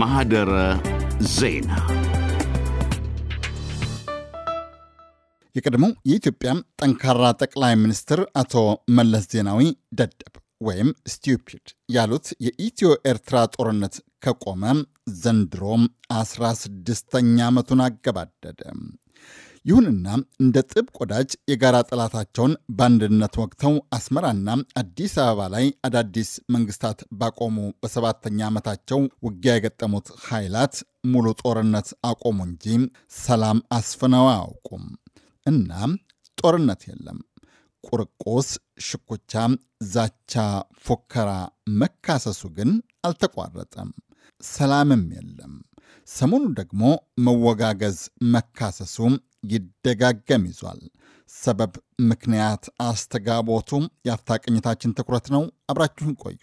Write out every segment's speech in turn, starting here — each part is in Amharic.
ማህደረ ዜና የቀድሞው የኢትዮጵያ ጠንካራ ጠቅላይ ሚኒስትር አቶ መለስ ዜናዊ ደደብ ወይም ስቲፒድ ያሉት የኢትዮ ኤርትራ ጦርነት ከቆመ ዘንድሮም 16ኛ ዓመቱን አገባደደ። ይሁንና እንደ ጥብቅ ወዳጅ የጋራ ጠላታቸውን በአንድነት ወቅተው አስመራና አዲስ አበባ ላይ አዳዲስ መንግስታት ባቆሙ በሰባተኛ ዓመታቸው ውጊያ የገጠሙት ኃይላት ሙሉ ጦርነት አቆሙ እንጂ ሰላም አስፍነው አያውቁም። እና ጦርነት የለም። ቁርቁስ፣ ሽኩቻ፣ ዛቻ፣ ፎከራ፣ መካሰሱ ግን አልተቋረጠም። ሰላምም የለም። ሰሞኑ ደግሞ መወጋገዝ መካሰሱ ይደጋገም ይዟል። ሰበብ፣ ምክንያት፣ አስተጋቦቱም የአፍታ ቅኝታችን ትኩረት ነው። አብራችሁን ቆዩ።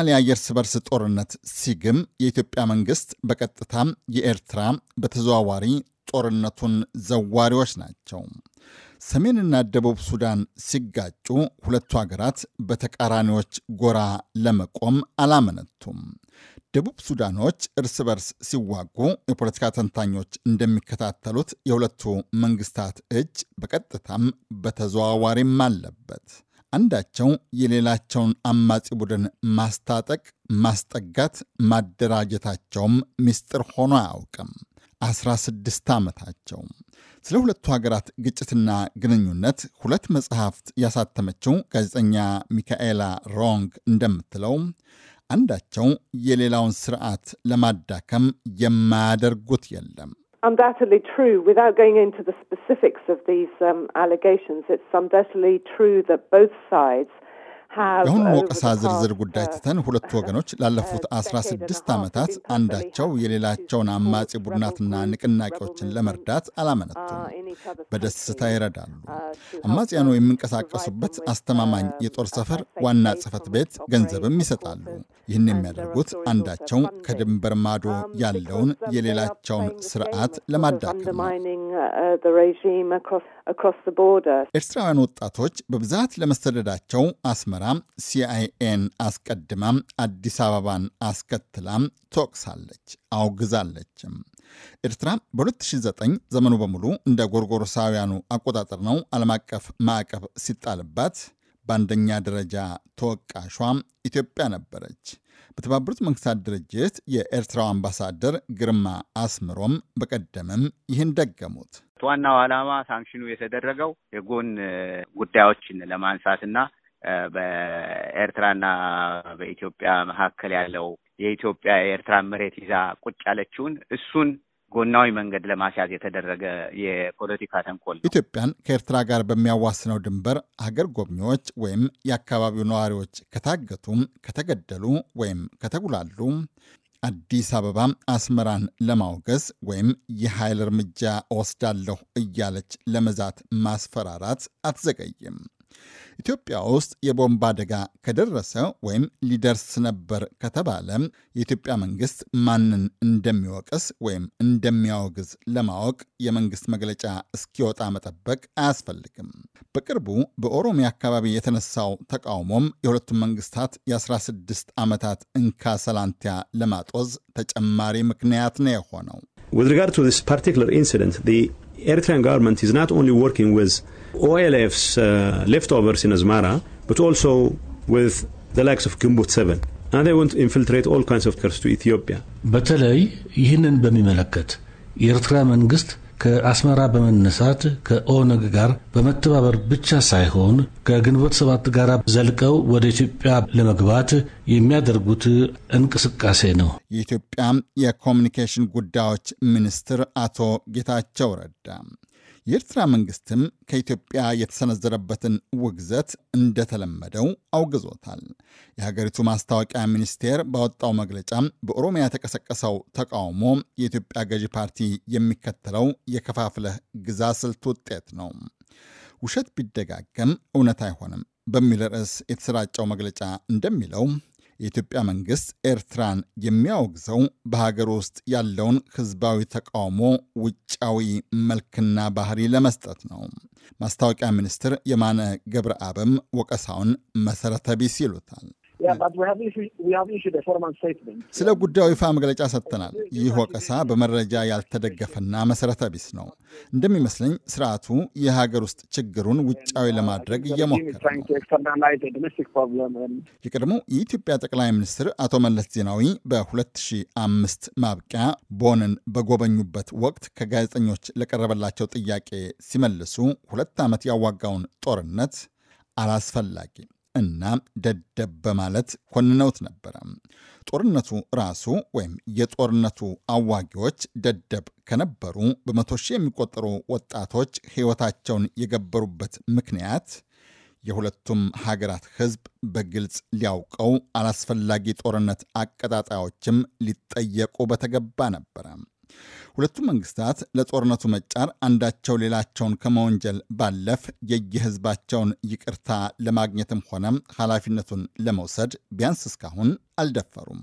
የሶማሊያ የእርስ በርስ ጦርነት ሲግም የኢትዮጵያ መንግስት በቀጥታም የኤርትራ በተዘዋዋሪ ጦርነቱን ዘዋሪዎች ናቸው። ሰሜንና ደቡብ ሱዳን ሲጋጩ ሁለቱ ሀገራት በተቃራኒዎች ጎራ ለመቆም አላመነቱም። ደቡብ ሱዳኖች እርስ በርስ ሲዋጉ የፖለቲካ ተንታኞች እንደሚከታተሉት የሁለቱ መንግስታት እጅ በቀጥታም በተዘዋዋሪም አለበት። አንዳቸው የሌላቸውን አማጺ ቡድን ማስታጠቅ፣ ማስጠጋት፣ ማደራጀታቸውም ምስጢር ሆኖ አያውቅም። 16 ዓመታቸው። ስለ ሁለቱ ሀገራት ግጭትና ግንኙነት ሁለት መጽሐፍት ያሳተመችው ጋዜጠኛ ሚካኤላ ሮንግ እንደምትለው አንዳቸው የሌላውን ስርዓት ለማዳከም የማያደርጉት የለም። undoubtedly true. Without going into the specifics of these um, allegations, it's undoubtedly true that both sides የአሁኑን ወቀሳ ዝርዝር ጉዳይ ትተን ሁለቱ ወገኖች ላለፉት 16 ዓመታት አንዳቸው የሌላቸውን አማጺ ቡድናትና ንቅናቄዎችን ለመርዳት አላመነቱም። በደስታ ይረዳሉ። አማጽያኑ የሚንቀሳቀሱበት አስተማማኝ የጦር ሰፈር፣ ዋና ጽህፈት ቤት፣ ገንዘብም ይሰጣሉ። ይህን የሚያደርጉት አንዳቸው ከድንበር ማዶ ያለውን የሌላቸውን ስርዓት ለማዳከም ነው። ኤርትራውያን ወጣቶች በብዛት ለመሰደዳቸው አስመ ምርመራ ሲአይኤን አስቀድማም አዲስ አበባን አስከትላም ተወቅሳለች፣ አውግዛለችም። ኤርትራ በ2009 ዘመኑ በሙሉ እንደ ጎርጎሮሳውያኑ አቆጣጠር ነው ዓለም አቀፍ ማዕቀብ ሲጣልባት በአንደኛ ደረጃ ተወቃሿ ኢትዮጵያ ነበረች። በተባበሩት መንግስታት ድርጅት የኤርትራው አምባሳደር ግርማ አስምሮም በቀደምም ይህን ደገሙት። ዋናው ዓላማ ሳንክሽኑ የተደረገው የጎን ጉዳዮችን ለማንሳትና በኤርትራና በኢትዮጵያ መካከል ያለው የኢትዮጵያ የኤርትራ መሬት ይዛ ቁጭ ያለችውን እሱን ጎናዊ መንገድ ለማስያዝ የተደረገ የፖለቲካ ተንኮል ነው። ኢትዮጵያን ከኤርትራ ጋር በሚያዋስነው ድንበር አገር ጎብኚዎች ወይም የአካባቢው ነዋሪዎች ከታገቱ፣ ከተገደሉ ወይም ከተጉላሉ አዲስ አበባ አስመራን ለማውገዝ ወይም የኃይል እርምጃ እወስዳለሁ እያለች ለመዛት ማስፈራራት አትዘገይም። ኢትዮጵያ ውስጥ የቦምብ አደጋ ከደረሰ ወይም ሊደርስ ነበር ከተባለ የኢትዮጵያ መንግስት ማንን እንደሚወቅስ ወይም እንደሚያወግዝ ለማወቅ የመንግስት መግለጫ እስኪወጣ መጠበቅ አያስፈልግም። በቅርቡ በኦሮሚያ አካባቢ የተነሳው ተቃውሞም የሁለቱም መንግስታት የ16 ዓመታት እንካ ሰላንቲያ ለማጦዝ ተጨማሪ ምክንያት ነው የሆነው። Eritrean government is not only working with OLF's uh, leftovers in Asmara, but also with the likes of ግንቦት 7 and they want to infiltrate all kinds of cars to Ethiopia. በተለይ ይህንን በሚመለከት የኤርትራ መንግስት ከአስመራ በመነሳት ከኦነግ ጋር በመተባበር ብቻ ሳይሆን ከግንቦት ሰባት ጋር ዘልቀው ወደ ኢትዮጵያ ለመግባት የሚያደርጉት እንቅስቃሴ ነው። የኢትዮጵያ የኮሚኒኬሽን ጉዳዮች ሚኒስትር አቶ ጌታቸው ረዳ የኤርትራ መንግስትም ከኢትዮጵያ የተሰነዘረበትን ውግዘት እንደተለመደው አውግዞታል። የሀገሪቱ ማስታወቂያ ሚኒስቴር ባወጣው መግለጫ በኦሮሚያ የተቀሰቀሰው ተቃውሞ የኢትዮጵያ ገዢ ፓርቲ የሚከተለው የከፋፍለህ ግዛ ስልት ውጤት ነው፣ ውሸት ቢደጋገም እውነት አይሆንም በሚል ርዕስ የተሰራጨው መግለጫ እንደሚለው የኢትዮጵያ መንግስት ኤርትራን የሚያወግዘው በሀገር ውስጥ ያለውን ህዝባዊ ተቃውሞ ውጫዊ መልክና ባህሪ ለመስጠት ነው። ማስታወቂያ ሚኒስትር የማነ ገብረአብም ወቀሳውን መሰረተ ቢስ ይሉታል። Hmm. ስለ ጉዳዩ ይፋ መግለጫ ሰጥተናል። ይህ ወቀሳ በመረጃ ያልተደገፈና መሰረተ ቢስ ነው። እንደሚመስለኝ ስርዓቱ የሀገር ውስጥ ችግሩን ውጫዊ ለማድረግ uh, እየሞከረ ነው። የቀድሞው የኢትዮጵያ ጠቅላይ ሚኒስትር አቶ መለስ ዜናዊ በ2005 ማብቂያ ቦንን በጎበኙበት ወቅት ከጋዜጠኞች ለቀረበላቸው ጥያቄ ሲመልሱ ሁለት ዓመት ያዋጋውን ጦርነት አላስፈላጊ እና ደደብ በማለት ኮንነውት ነበረ። ጦርነቱ ራሱ ወይም የጦርነቱ አዋጊዎች ደደብ ከነበሩ በመቶ ሺህ የሚቆጠሩ ወጣቶች ሕይወታቸውን የገበሩበት ምክንያት የሁለቱም ሀገራት ሕዝብ በግልጽ ሊያውቀው አላስፈላጊ ጦርነት አቀጣጣዮችም ሊጠየቁ በተገባ ነበረ። ሁለቱ መንግስታት ለጦርነቱ መጫር አንዳቸው ሌላቸውን ከመወንጀል ባለፍ የየህዝባቸውን ይቅርታ ለማግኘትም ሆነ ኃላፊነቱን ለመውሰድ ቢያንስ እስካሁን አልደፈሩም።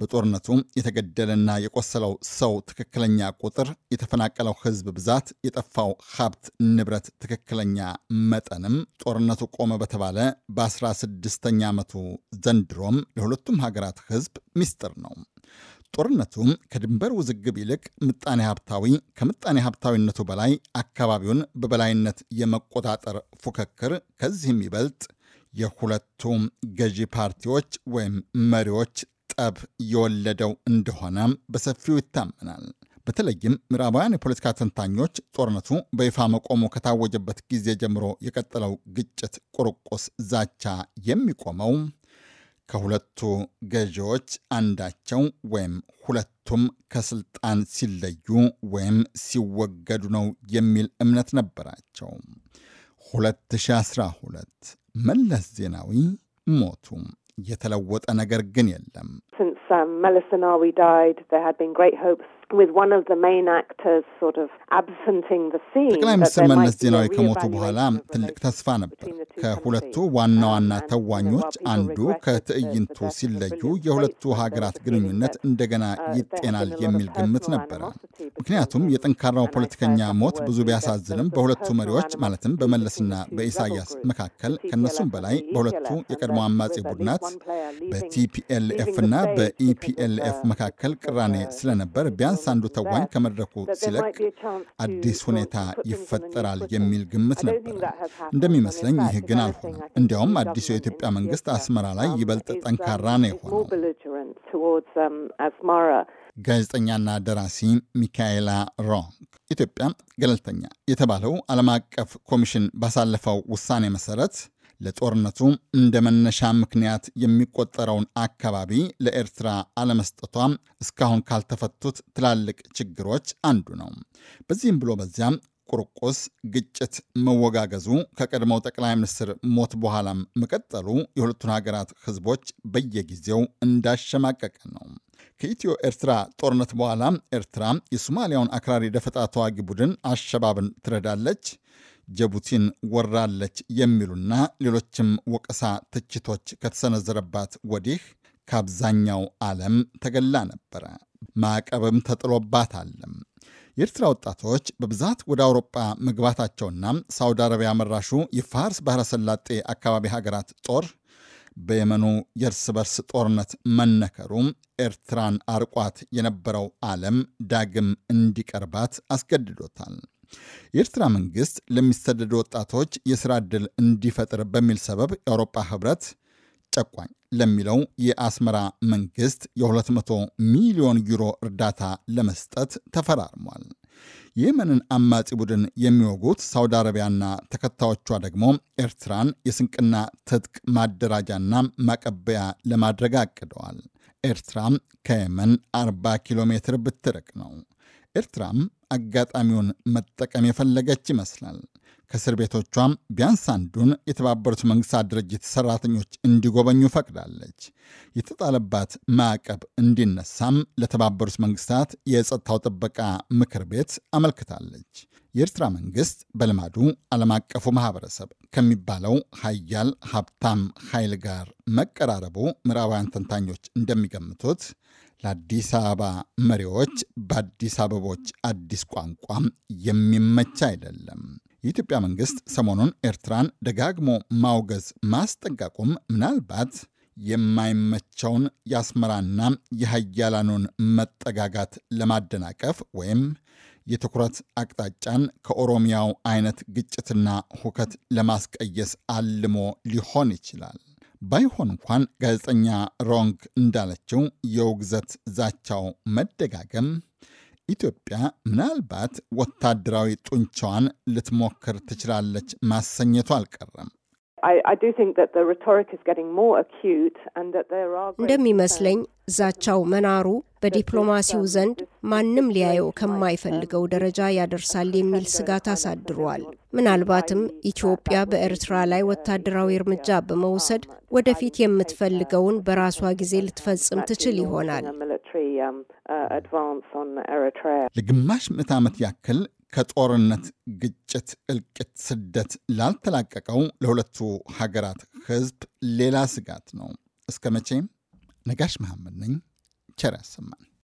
በጦርነቱ የተገደለና የቆሰለው ሰው ትክክለኛ ቁጥር፣ የተፈናቀለው ህዝብ ብዛት፣ የጠፋው ሀብት ንብረት ትክክለኛ መጠንም ጦርነቱ ቆመ በተባለ በ16ኛ ዓመቱ ዘንድሮም ለሁለቱም ሀገራት ህዝብ ሚስጥር ነው። ጦርነቱ ከድንበር ውዝግብ ይልቅ ምጣኔ ሀብታዊ፣ ከምጣኔ ሀብታዊነቱ በላይ አካባቢውን በበላይነት የመቆጣጠር ፉክክር ከዚህም ይበልጥ የሁለቱም ገዢ ፓርቲዎች ወይም መሪዎች ጠብ የወለደው እንደሆነ በሰፊው ይታመናል። በተለይም ምዕራባውያን የፖለቲካ ተንታኞች ጦርነቱ በይፋ መቆሙ ከታወጀበት ጊዜ ጀምሮ የቀጠለው ግጭት፣ ቁርቁስ፣ ዛቻ የሚቆመው ከሁለቱ ገዢዎች አንዳቸው ወይም ሁለቱም ከስልጣን ሲለዩ ወይም ሲወገዱ ነው የሚል እምነት ነበራቸው። 2012 መለስ ዜናዊ ሞቱ። የተለወጠ ነገር ግን የለም። um, ጠቅላይ ሚኒስትር መለስ ዜናዊ ከሞቱ በኋላ ትልቅ ተስፋ ነበር። ከሁለቱ ዋና ዋና ተዋኞች አንዱ ከትዕይንቱ ሲለዩ የሁለቱ ሀገራት ግንኙነት እንደገና ይጤናል የሚል ግምት ነበረ። ምክንያቱም የጠንካራው ፖለቲከኛ ሞት ብዙ ቢያሳዝንም በሁለቱ መሪዎች ማለትም በመለስና በኢሳያስ መካከል ከነሱም በላይ በሁለቱ የቀድሞ አማጼ ቡድናት በቲፒኤልኤፍና በኢፒኤልኤፍ መካከል ቅራኔ ስለነበር ቢያንስ አንዱ ተዋኝ ከመድረኩ ሲለቅ አዲስ ሁኔታ ይፈጠራል የሚል ግምት ነበር። እንደሚመስለኝ ይህ ግን አልሆነም። እንዲያውም አዲሱ የኢትዮጵያ መንግስት አስመራ ላይ ይበልጥ ጠንካራ ነው የሆነው። ጋዜጠኛና ደራሲ ሚካኤላ ሮንግ ኢትዮጵያ ገለልተኛ የተባለው ዓለም አቀፍ ኮሚሽን ባሳለፈው ውሳኔ መሰረት ለጦርነቱ እንደ መነሻ ምክንያት የሚቆጠረውን አካባቢ ለኤርትራ አለመስጠቷ እስካሁን ካልተፈቱት ትላልቅ ችግሮች አንዱ ነው። በዚህም ብሎ በዚያም ቁርቁስ፣ ግጭት መወጋገዙ ከቀድሞው ጠቅላይ ሚኒስትር ሞት በኋላም መቀጠሉ የሁለቱን ሀገራት ህዝቦች በየጊዜው እንዳሸማቀቀ ነው። ከኢትዮ ኤርትራ ጦርነት በኋላ ኤርትራ የሶማሊያውን አክራሪ ደፈጣ ተዋጊ ቡድን አሸባብን ትረዳለች፣ ጅቡቲን ወራለች የሚሉና ሌሎችም ወቀሳ፣ ትችቶች ከተሰነዘረባት ወዲህ ከአብዛኛው ዓለም ተገላ ነበረ። ማዕቀብም ተጥሎባታለም። የኤርትራ ወጣቶች በብዛት ወደ አውሮጳ መግባታቸውና ሳውዲ አረቢያ መራሹ የፋርስ ባህረ ሰላጤ አካባቢ ሀገራት ጦር በየመኑ የእርስ በርስ ጦርነት መነከሩ ኤርትራን አርቋት የነበረው ዓለም ዳግም እንዲቀርባት አስገድዶታል። የኤርትራ መንግሥት ለሚሰደዱ ወጣቶች የሥራ ዕድል እንዲፈጥር በሚል ሰበብ የአውሮፓ ኅብረት ጨቋኝ ለሚለው የአስመራ መንግስት የ200 ሚሊዮን ዩሮ እርዳታ ለመስጠት ተፈራርሟል። የየመንን አማጺ ቡድን የሚወጉት ሳውዲ አረቢያና ተከታዮቿ ደግሞ ኤርትራን የስንቅና ትጥቅ ማደራጃና ማቀበያ ለማድረግ አቅደዋል። ኤርትራም ከየመን 40 ኪሎ ሜትር ብትርቅ ነው። ኤርትራም አጋጣሚውን መጠቀም የፈለገች ይመስላል። ከእስር ቤቶቿም ቢያንስ አንዱን የተባበሩት መንግስታት ድርጅት ሰራተኞች እንዲጎበኙ ፈቅዳለች። የተጣለባት ማዕቀብ እንዲነሳም ለተባበሩት መንግስታት የጸጥታው ጥበቃ ምክር ቤት አመልክታለች። የኤርትራ መንግስት በልማዱ ዓለም አቀፉ ማህበረሰብ ከሚባለው ሀያል ሀብታም ኃይል ጋር መቀራረቡ ምዕራባውያን ተንታኞች እንደሚገምቱት ለአዲስ አበባ መሪዎች በአዲስ አበቦች አዲስ ቋንቋም የሚመች አይደለም። የኢትዮጵያ መንግስት ሰሞኑን ኤርትራን ደጋግሞ ማውገዝ ማስጠንቀቁም ምናልባት የማይመቸውን የአስመራና የሀያላኑን መጠጋጋት ለማደናቀፍ ወይም የትኩረት አቅጣጫን ከኦሮሚያው አይነት ግጭትና ሁከት ለማስቀየስ አልሞ ሊሆን ይችላል። ባይሆን እንኳን ጋዜጠኛ ሮንግ እንዳለችው የውግዘት ዛቻው መደጋገም ኢትዮጵያ ምናልባት ወታደራዊ ጡንቻዋን ልትሞክር ትችላለች ማሰኘቱ አልቀረም። እንደሚመስለኝ ዛቻው መናሩ በዲፕሎማሲው ዘንድ uh, ማንም ሊያየው ከማይፈልገው ደረጃ ያደርሳል የሚል ስጋት አሳድሯል። ምናልባትም ኢትዮጵያ በኤርትራ ላይ uh, ወታደራዊ እርምጃ በመውሰድ ወደፊት የምትፈልገውን በራሷ ጊዜ uh, ልትፈጽም ትችል ይሆናል። um, ለግማሽ ምዕት ዓመት ያክል ከጦርነት፣ ግጭት፣ እልቂት፣ ስደት ላልተላቀቀው ለሁለቱ ሀገራት ሕዝብ ሌላ ስጋት ነው። እስከ መቼም ነጋሽ መሐመድ ነኝ። ቸር ያሰማን።